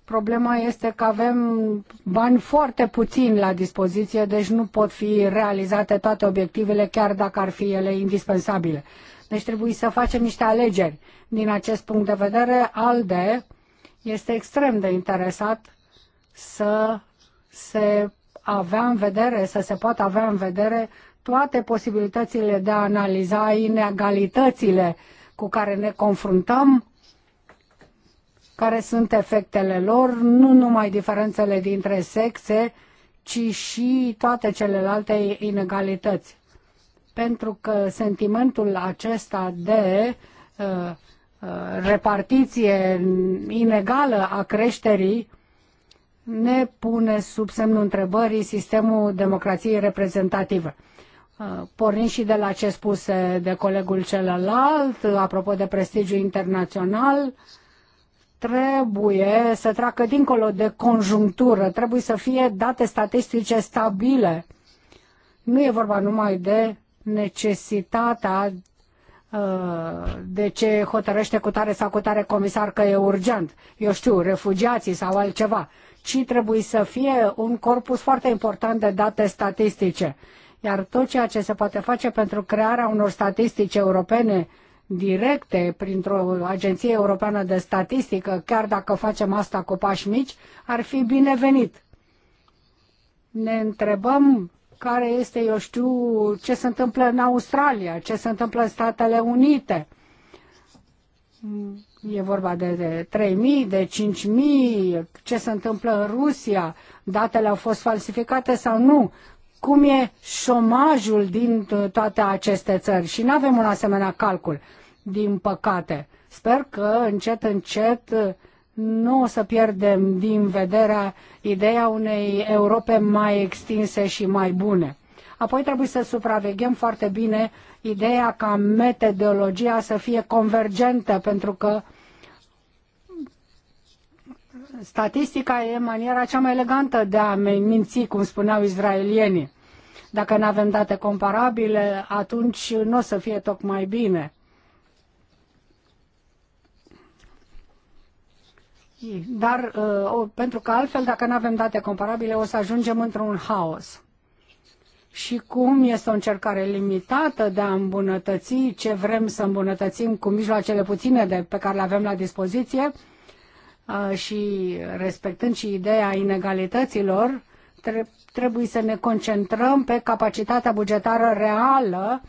problema este că avem bani foarte puțini la dispoziție, deci nu pot fi realizate toate obiectivele, chiar dacă ar fi ele indispensabile. Deci trebuie să facem niște alegeri. Din acest punct de vedere, ALDE este extrem de interesat să se avea în vedere, să se poată avea în vedere toate posibilitățile de a analiza inegalitățile cu care ne confruntăm, care sunt efectele lor, nu numai diferențele dintre sexe, ci și toate celelalte inegalități. Pentru că sentimentul acesta de uh, uh, repartiție inegală a creșterii ne pune sub semnul întrebării sistemul democrației reprezentative. Uh, pornind și de la ce spuse de colegul celălalt, uh, apropo de prestigiu internațional, trebuie să treacă dincolo de conjunctură, trebuie să fie date statistice stabile. Nu e vorba numai de necesitatea uh, de ce hotărăște cu tare sau cu tare comisar că e urgent, eu știu, refugiații sau altceva, ci trebuie să fie un corpus foarte important de date statistice. Iar tot ceea ce se poate face pentru crearea unor statistici europene directe printr-o agenție europeană de statistică, chiar dacă facem asta cu pași mici, ar fi binevenit. Ne întrebăm care este, eu știu, ce se întâmplă în Australia, ce se întâmplă în Statele Unite. E vorba de, de 3.000, de 5.000, ce se întâmplă în Rusia, datele au fost falsificate sau nu cum e șomajul din toate aceste țări și nu avem un asemenea calcul, din păcate. Sper că încet, încet nu o să pierdem din vederea ideea unei Europe mai extinse și mai bune. Apoi trebuie să supraveghem foarte bine ideea ca metodologia să fie convergentă, pentru că uh, statistica e maniera cea mai elegantă de a minți, cum spuneau izraelienii. Dacă nu avem date comparabile, atunci nu o să fie tocmai bine. Dar uh, pentru că altfel, dacă nu avem date comparabile, o să ajungem într-un haos. Și cum este o încercare limitată de a îmbunătăți ce vrem să îmbunătățim cu mijloacele puține de, pe care le avem la dispoziție, și respectând și ideea inegalităților, trebuie să ne concentrăm pe capacitatea bugetară reală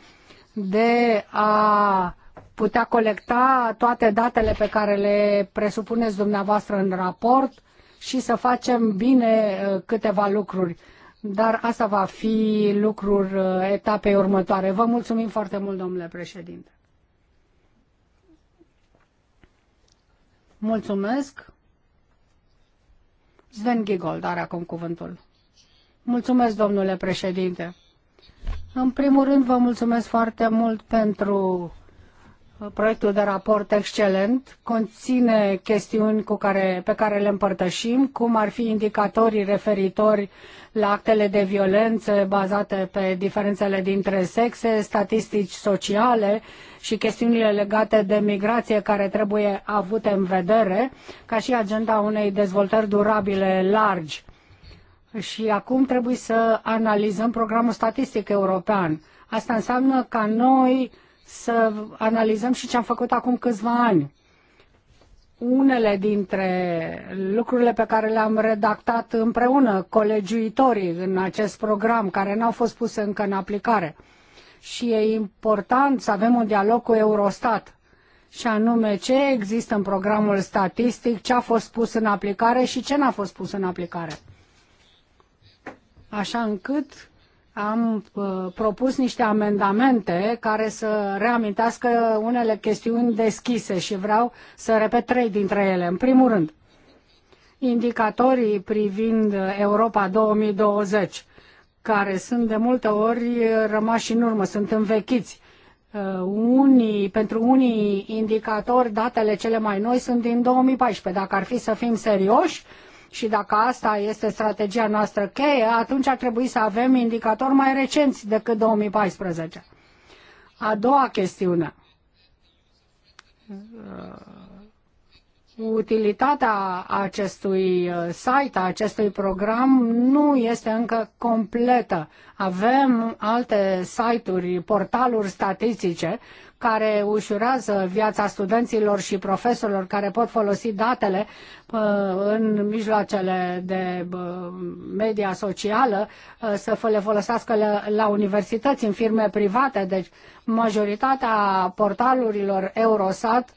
de a putea colecta toate datele pe care le presupuneți dumneavoastră în raport și să facem bine câteva lucruri. Dar asta va fi lucruri etapei următoare. Vă mulțumim foarte mult, domnule președinte. Mulțumesc. Sven Giegold are acum cuvântul. Mulțumesc, domnule președinte. În primul rând, vă mulțumesc foarte mult pentru proiectul de raport excelent, conține chestiuni cu care, pe care le împărtășim, cum ar fi indicatorii referitori la actele de violență bazate pe diferențele dintre sexe, statistici sociale și chestiunile legate de migrație care trebuie avute în vedere, ca și agenda unei dezvoltări durabile largi. Și acum trebuie să analizăm programul statistic european. Asta înseamnă ca noi să analizăm și ce am făcut acum câțiva ani. Unele dintre lucrurile pe care le-am redactat împreună, colegiuitorii în acest program, care n-au fost puse încă în aplicare. Și e important să avem un dialog cu Eurostat, și anume ce există în programul statistic, ce a fost pus în aplicare și ce n-a fost pus în aplicare. Așa încât am uh, propus niște amendamente care să reamintească unele chestiuni deschise și vreau să repet trei dintre ele. În primul rând, indicatorii privind Europa 2020, care sunt de multe ori rămași în urmă, sunt învechiți. Uh, unii, pentru unii indicatori, datele cele mai noi sunt din 2014. Dacă ar fi să fim serioși, și dacă asta este strategia noastră cheie, atunci ar trebui să avem indicatori mai recenți decât 2014. A doua chestiune utilitatea acestui uh, site, a acestui program, nu este încă completă. Avem alte site-uri, portaluri statistice care ușurează viața studenților și profesorilor care pot folosi datele uh, în mijloacele de uh, media socială să le folosească la universități, în firme private. Deci majoritatea portalurilor Eurosat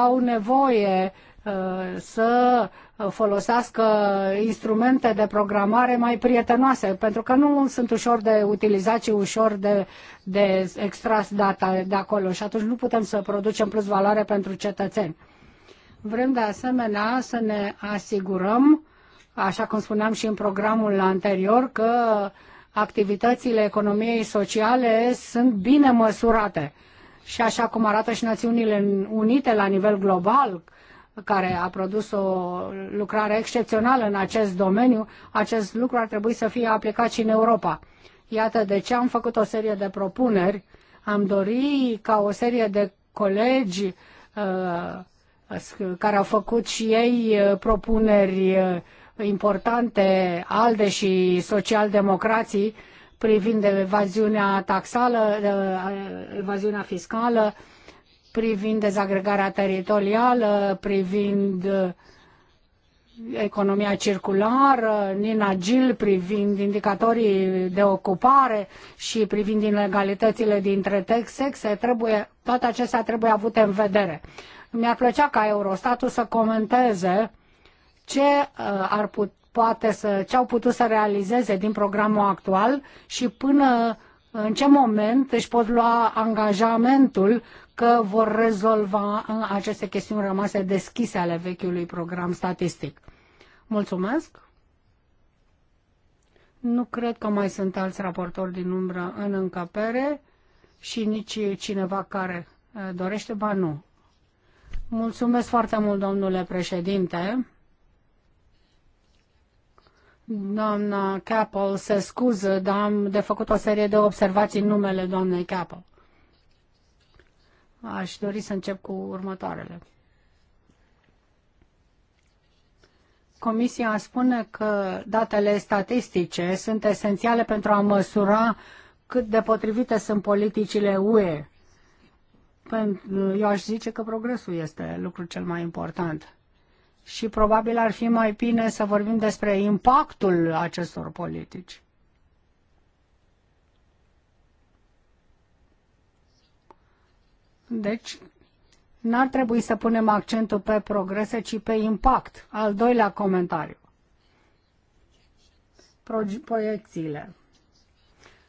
au nevoie uh, Uh, să folosească instrumente de programare mai prietenoase, pentru că nu sunt ușor de utilizat, ci ușor de, de extras data de acolo și atunci nu putem să producem plus valoare pentru cetățeni. Vrem de asemenea să ne asigurăm, așa cum spuneam și în programul anterior, că activitățile economiei sociale sunt bine măsurate. Și așa cum arată și Națiunile Unite la nivel global, care a produs o lucrare excepțională în acest domeniu, acest lucru ar trebui să fie aplicat și în Europa. Iată de ce am făcut o serie de propuneri. Am dorit ca o serie de colegi uh, care au făcut și ei uh, propuneri uh, importante, ALDE și socialdemocrații, privind evaziunea taxală, uh, evaziunea fiscală, privind dezagregarea teritorială, privind uh, economia circulară, Nina Gil privind indicatorii de ocupare și privind inegalitățile dintre sexe, trebuie, toate acestea trebuie avute în vedere. Mi-ar plăcea ca Eurostatul să comenteze ce uh, ar put, poate să, ce au putut să realizeze din programul actual și până în ce moment își pot lua angajamentul că vor rezolva uh, aceste chestiuni rămase deschise ale vechiului program statistic. Mulțumesc! Nu cred că mai sunt alți raportori din umbră în încăpere și nici cineva care uh, dorește, ba nu. Mulțumesc foarte mult, domnule președinte. Doamna Capel se scuză, dar am de făcut o serie de observații în numele doamnei Capel. Aș dori să încep cu următoarele. Comisia spune că datele statistice sunt esențiale pentru a măsura cât de potrivite sunt politicile UE. Eu aș zice că progresul este lucrul cel mai important și probabil ar fi mai bine să vorbim despre impactul acestor politici. Deci, n-ar trebui să punem accentul pe progrese, ci pe impact. Al doilea comentariu. Proiecțiile.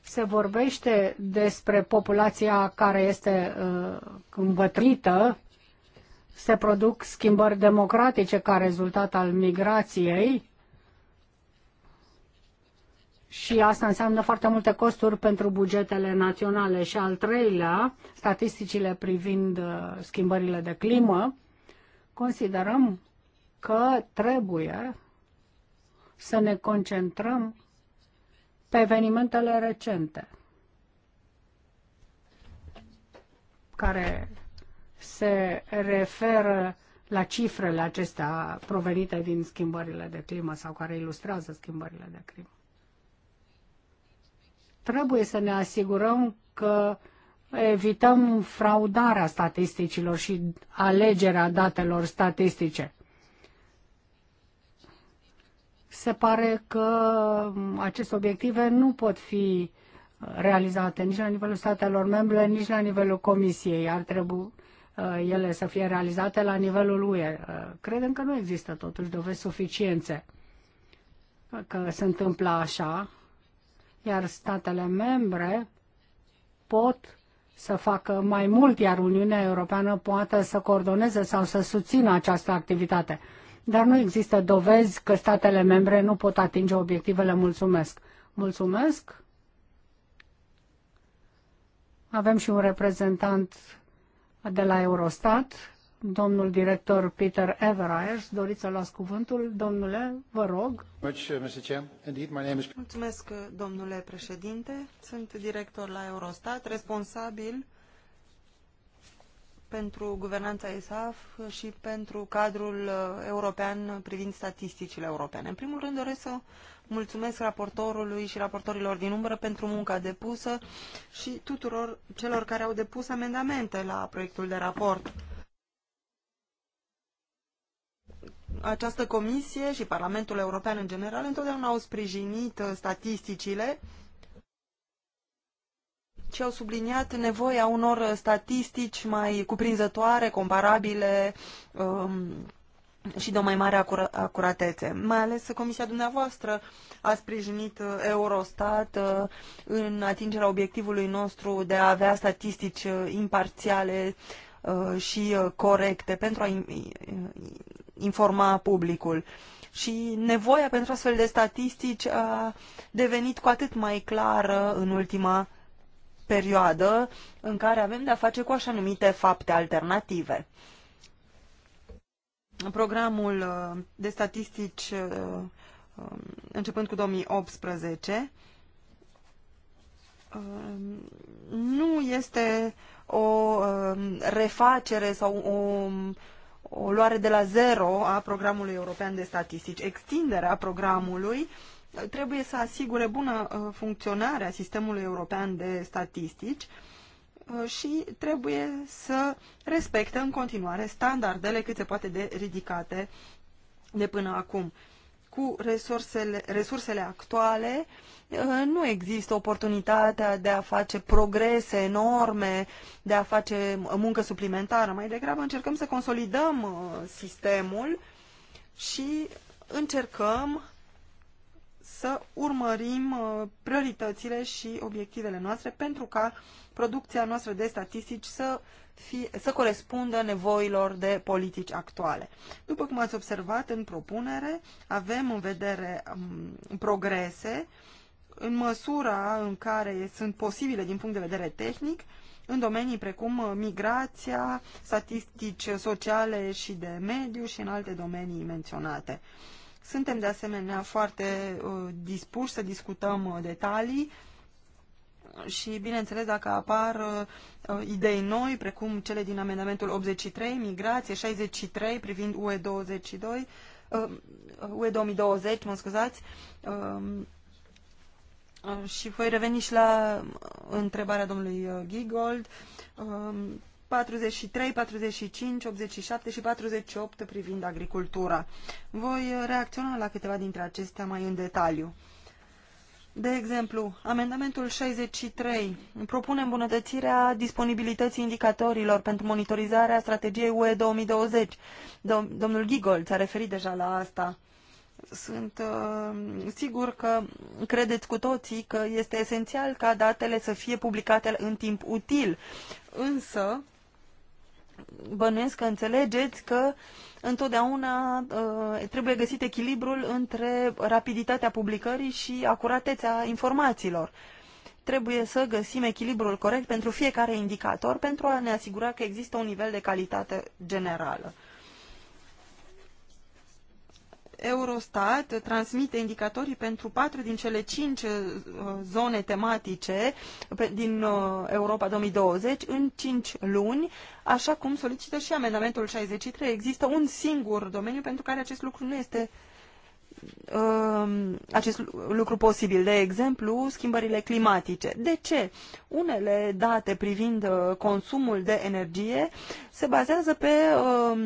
Se vorbește despre populația care este uh, îmbătrită, se produc schimbări democratice ca rezultat al migrației și asta înseamnă foarte multe costuri pentru bugetele naționale. Și al treilea, statisticile privind uh, schimbările de climă, considerăm că trebuie să ne concentrăm pe evenimentele recente care se referă la cifrele acestea provenite din schimbările de climă sau care ilustrează schimbările de climă. Trebuie să ne asigurăm că evităm fraudarea statisticilor și alegerea datelor statistice. Se pare că aceste obiective nu pot fi realizate nici la nivelul statelor membre, nici la nivelul Comisiei. Ar trebui Uh, ele să fie realizate la nivelul UE. Uh, Credem că nu există totuși dovezi suficiențe că se întâmplă așa, iar statele membre pot să facă mai mult, iar Uniunea Europeană poate să coordoneze sau să susțină această activitate. Dar nu există dovezi că statele membre nu pot atinge obiectivele. Mulțumesc! Mulțumesc! Avem și un reprezentant de la Eurostat, domnul director Peter Everaers. Doriți să luați cuvântul, domnule, vă rog. Mulțumesc, uh, uh, domnule președinte. Sunt director la Eurostat, responsabil pentru guvernanța ISAF și pentru cadrul uh, european privind statisticile europene. În primul rând doresc să Mulțumesc raportorului și raportorilor din umbră pentru munca depusă și tuturor celor care au depus amendamente la proiectul de raport. Această comisie și Parlamentul European în general întotdeauna au sprijinit uh, statisticile și au subliniat nevoia unor statistici mai cuprinzătoare, comparabile, um, și de o mai mare acura acuratețe. Mai ales Comisia dumneavoastră a sprijinit uh, Eurostat uh, în atingerea obiectivului nostru de a avea statistici uh, imparțiale și corecte pentru a informa publicul. Și nevoia pentru astfel de statistici a devenit cu atât mai clară în ultima perioadă în care avem de-a face cu așa numite fapte alternative programul uh, de statistici uh, uh, începând cu 2018 nu este o refacere sau o, o luare de la zero a programului european de statistici. Extinderea programului trebuie să asigure bună funcționare a sistemului european de statistici Uh, și trebuie să respectă în continuare standardele cât se poate de ridicate de până acum. Cu resursele, resursele actuale uh, nu există oportunitatea de a face progrese enorme, de a face muncă suplimentară. Mai degrabă încercăm să consolidăm uh, sistemul și încercăm să urmărim prioritățile și obiectivele noastre pentru ca producția noastră de statistici să, fie, să corespundă nevoilor de politici actuale. După cum ați observat în propunere, avem în vedere um, progrese în măsura în care sunt posibile din punct de vedere tehnic, în domenii precum uh, migrația, statistici sociale și de mediu și în alte domenii menționate. Suntem de asemenea foarte uh, dispuși să discutăm uh, detalii și, bineînțeles, dacă apar uh, idei noi, precum cele din amendamentul 83, migrație, 63, privind UE 22, uh, UE 2020, mă scuzați, um, uh, și voi reveni și la uh, întrebarea domnului uh, Gigold, 43, 45, 87 și 48 privind agricultura. Voi uh, reacționa la câteva dintre acestea mai în detaliu. De exemplu, amendamentul 63 propune îmbunătățirea disponibilității indicatorilor pentru monitorizarea strategiei UE 2020. Domnul Gigol s-a referit deja la asta. Sunt uh, sigur că credeți cu toții că este esențial ca datele să fie publicate în timp util, însă bănuiesc că înțelegeți că întotdeauna uh, trebuie găsit echilibrul între rapiditatea publicării și acuratețea informațiilor. Trebuie să găsim echilibrul corect pentru fiecare indicator pentru a ne asigura că există un nivel de calitate generală. Eurostat transmite indicatorii pentru patru din cele cinci uh, zone tematice din uh, Europa 2020 în cinci luni, așa cum solicită și amendamentul 63. Există un singur domeniu pentru care acest lucru nu este Um, acest lucru posibil. De exemplu, schimbările climatice. De ce? Unele date privind uh, consumul de energie se bazează pe um,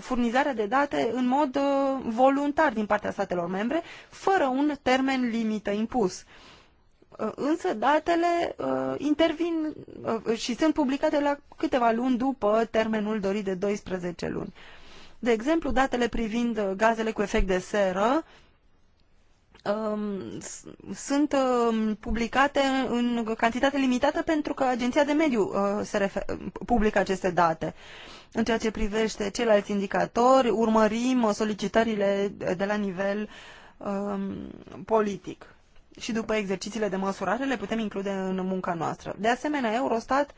furnizarea de date în mod uh, voluntar din partea statelor membre, fără un termen limită impus. Uh, însă datele intervin și sunt publicate la câteva luni după termenul dorit de 12 luni. De exemplu, datele privind uh, gazele cu efect de seră um, sunt um, publicate în cantitate limitată pentru că Agenția de Mediu uh, se refer, uh, publică aceste date. În ceea ce privește ceilalți indicatori, urmărim solicitările de la nivel um, politic și după exercițiile de măsurare le putem include în munca noastră. De asemenea, Eurostat uh,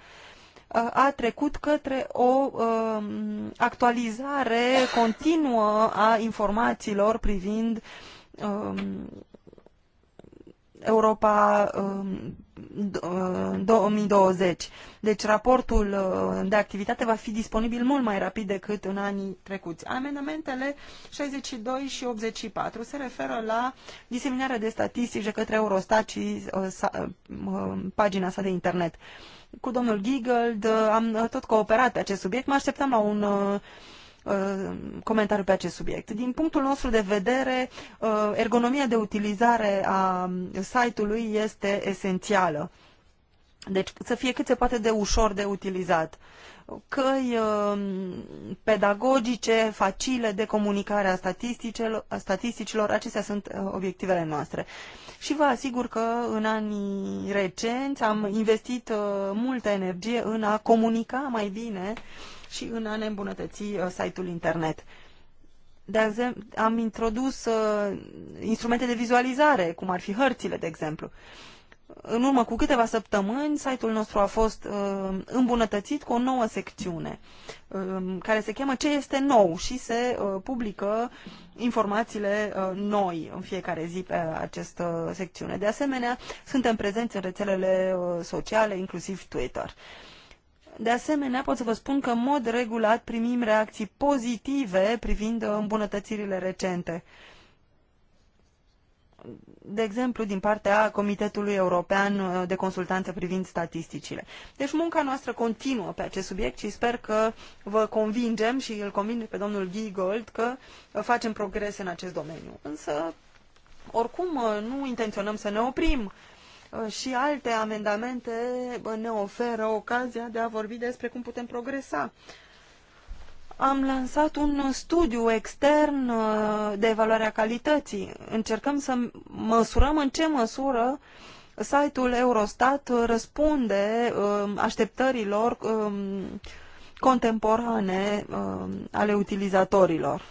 a trecut către o um, actualizare continuă a informațiilor privind um, Europa um, 2020. Deci raportul uh, de activitate va fi disponibil mult mai rapid decât în anii trecuți. Amendamentele 62 și 84 se referă la diseminarea de statistici de către Eurostat și uh, uh, pagina sa de internet. Cu domnul Giggled am tot cooperat pe acest subiect. Mă așteptam la un Uh, comentariu pe acest subiect. Din punctul nostru de vedere, uh, ergonomia de utilizare a site-ului este esențială. Deci să fie cât se poate de ușor de utilizat. Căi uh, pedagogice, facile de comunicare a statisticilor, a statisticilor, acestea sunt obiectivele noastre. Și vă asigur că în anii recenți am investit multă energie în a comunica mai bine uh, și în a ne îmbunătăți uh, site-ul internet. De exemplu, am introdus uh, instrumente de vizualizare, cum ar fi hărțile, de exemplu. În urmă cu câteva săptămâni, site-ul nostru a fost uh, îmbunătățit cu o nouă secțiune uh, care se cheamă Ce este nou și se uh, publică informațiile uh, noi în fiecare zi pe această secțiune. De asemenea, suntem prezenți în rețelele uh, sociale, inclusiv Twitter. Uh, de asemenea, pot să vă spun că în mod regulat primim reacții pozitive privind uh, îmbunătățirile recente. De exemplu, din partea Comitetului European uh, de Consultanță privind statisticile. Deci munca noastră continuă pe acest subiect și sper că vă convingem și îl convinge pe domnul Giegold că uh, facem progrese în acest domeniu. Însă, oricum, nu intenționăm să ne oprim Uh, și alte amendamente ne oferă ocazia de a vorbi despre cum putem progresa. Am lansat un studiu extern uh, de evaluare a calității. Încercăm să măsurăm în ce măsură site-ul Eurostat răspunde um, așteptărilor um, contemporane um, ale utilizatorilor.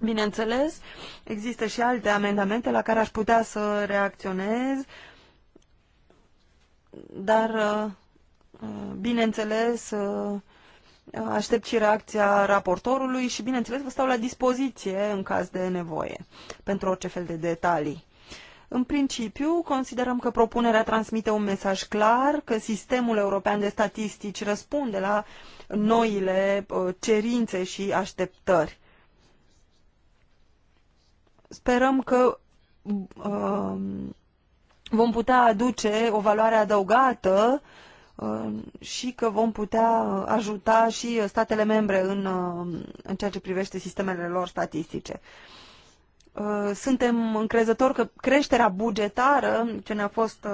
Bineînțeles, există și alte amendamente la care aș putea să reacționez, dar, uh, bineînțeles, uh, aștept și reacția raportorului și, bineînțeles, vă stau la dispoziție în caz de nevoie pentru orice fel de detalii. În principiu, considerăm că propunerea transmite un mesaj clar că sistemul european de statistici răspunde la noile uh, cerințe și așteptări sperăm că um, vom putea aduce o valoare adăugată um, și că vom putea ajuta și statele membre în, um, în ceea ce privește sistemele lor statistice. Uh, suntem încrezători că creșterea bugetară ce ne-a fost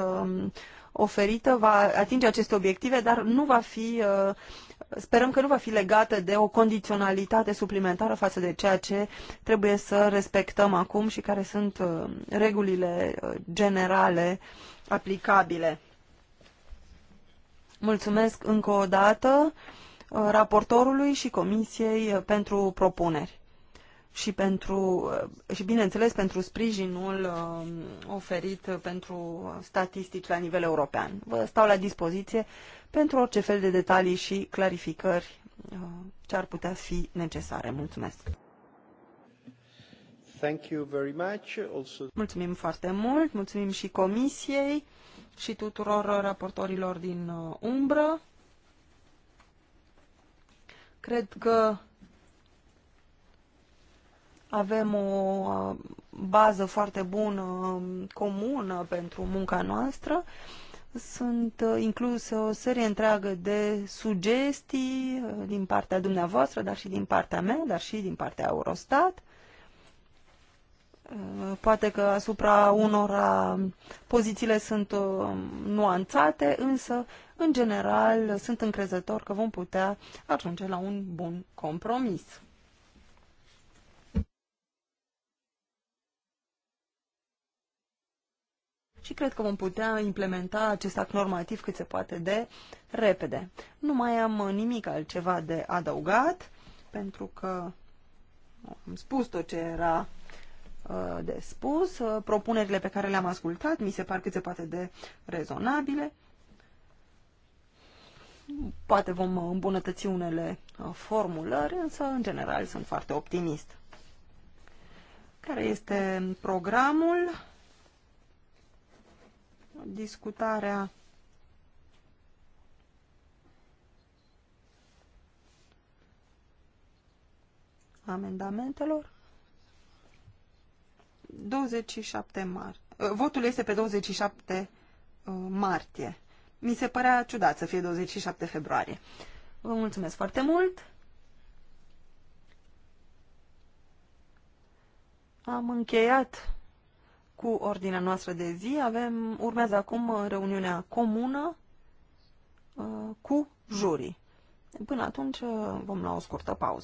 oferită va atinge aceste obiective, dar nu va fi uh, sperăm că nu va fi legată de o condiționalitate suplimentară față de ceea ce trebuie să respectăm acum și care sunt uh, regulile uh, generale aplicabile. Mulțumesc încă o dată uh, raportorului și comisiei pentru propuneri și, pentru, și bineînțeles pentru sprijinul oferit pentru statistici la nivel european. Vă stau la dispoziție pentru orice fel de detalii și clarificări uh, ce ar putea fi necesare. Mulțumesc! Thank you very much. Also... Mulțumim foarte mult, mulțumim și comisiei și tuturor raportorilor din uh, umbră. Cred că avem o uh, bază foarte bună um, comună pentru munca noastră sunt uh, incluse o serie întreagă de sugestii uh, din partea dumneavoastră, dar și din partea mea, dar și din partea Eurostat. Uh, poate că asupra unora pozițiile sunt nuanțate, însă, în general, sunt încrezător că vom putea ajunge la un bun compromis. și cred că vom putea implementa acest act normativ cât se poate de repede. Nu mai am nimic altceva de adăugat, pentru că am spus tot ce era uh, de spus. Uh, propunerile pe care le-am ascultat mi se par cât se poate de rezonabile. Poate vom îmbunătăți unele uh, formulări, însă, în general, sunt foarte optimist. Care este programul? discutarea amendamentelor. 27 mar ă, Votul este pe 27 ă, martie. Mi se părea ciudat să fie 27 februarie. Vă mulțumesc foarte mult! Am încheiat cu ordinea noastră de zi. Avem, urmează acum reuniunea comună uh, cu jurii. Până atunci uh, vom lua o scurtă pauză.